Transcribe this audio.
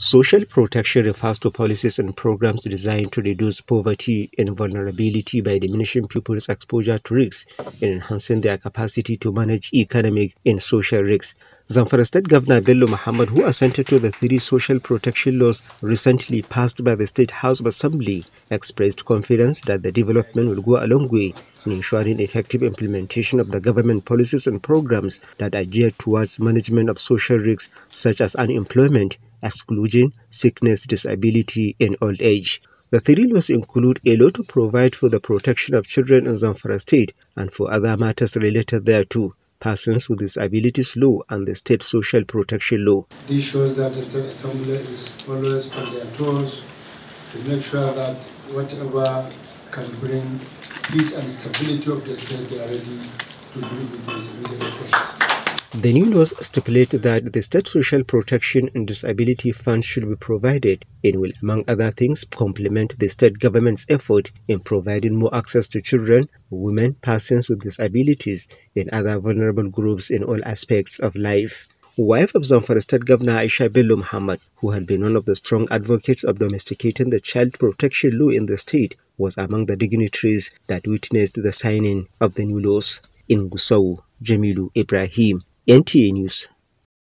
Social protection refers to policies and programs designed to reduce poverty and vulnerability by diminishing people's exposure to risks and enhancing their capacity to manage economic and social risks. Zamfara State Governor Bello Muhammad, who assented to the three social protection laws recently passed by the State House of Assembly, expressed confidence that the development will go a long way in ensuring effective implementation of the government policies and programs that are geared towards management of social risks such as unemployment, exclusion, sickness, disability, and old age. The three laws include a law to provide for the protection of children in Zamfara state and for other matters related thereto, persons with disabilities law and the state social protection law. This shows that the state assembly is always on their toes to make sure that whatever can bring peace and stability of the state, they are ready to deal with The new laws stipulate that the state social protection and disability fund should be provided and will, among other things, complement the state government's effort in providing more access to children, women, persons with disabilities, and other vulnerable groups in all aspects of life wife of Zamfara State Governor Aisha Bello Muhammad, who had been one of the strong advocates of domesticating the child protection law in the state, was among the dignitaries that witnessed the signing of the new laws in Gusau, Jamilu Ibrahim, NTA News.